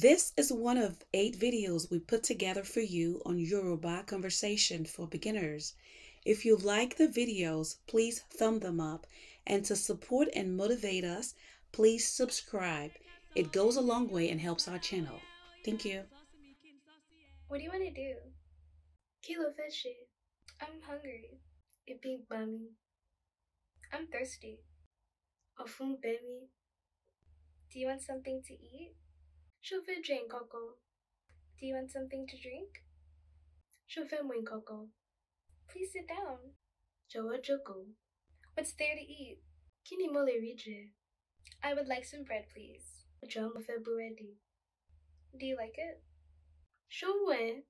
This is one of eight videos we put together for you on Yoruba Conversation for Beginners. If you like the videos, please thumb them up. And to support and motivate us, please subscribe. It goes a long way and helps our channel. Thank you. What do you want to do? Kilo fishy. I'm hungry. It be bummy. I'm thirsty. Ofun bemi. Do you want something to eat? Chove Jane coco. Do you want something to drink? Chove wing coco. Please sit down. Joa joku. What's there to eat? Kini mole rije. I would like some bread, please. Joa mofe buredi. Do you like it? Showe.